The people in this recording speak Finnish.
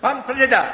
Pan Preda.